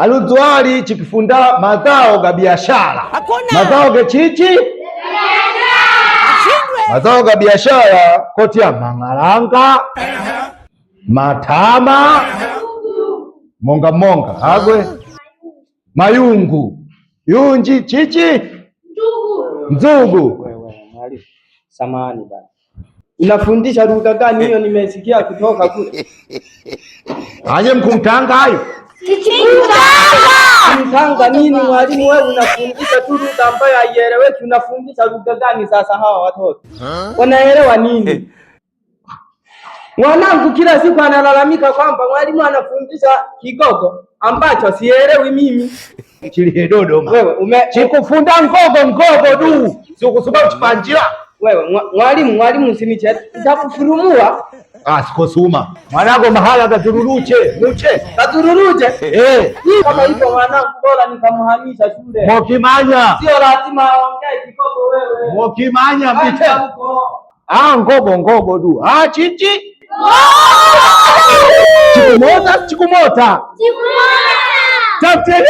aludwali chikifunda mazao ga biashara mazao ga chichi mazao ga biashara koti ya mang'alanga matama monga monga hagwe mayungu yunji chichi nzugu. samani ba unafundisha lugha gani hiyo? Nimesikia kutoka kule anye mkumtanga hayo Mtanga nini mwalimu, wewe unafundisha tu lugha ambayo haieleweki. Unafundisha lugha gani sasa? Hawa watoto wanaelewa nini? Eh. Mwanangu kila siku analalamika kwamba mwalimu anafundisha kigogo ambacho sielewi mimi. Chilie dodo Wewe ume chikufunda ngogo ngogo du. Sio kwa sababu chipanjira. Wewe mwalimu mwalimu usiniche. Nitakufurumua. Asikosuma ah, mwanangu, mahala katururuche muche katururuche eh, kama hivyo mwanangu, bora nikamhamisha shule Mokimanya. Sio lazima aongee kikogo wewe Mokimanya, mita ah, ngobo ngobo du ah, chichi chikumota chikumota chikumota